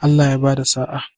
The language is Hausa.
Allah ya bada sa'a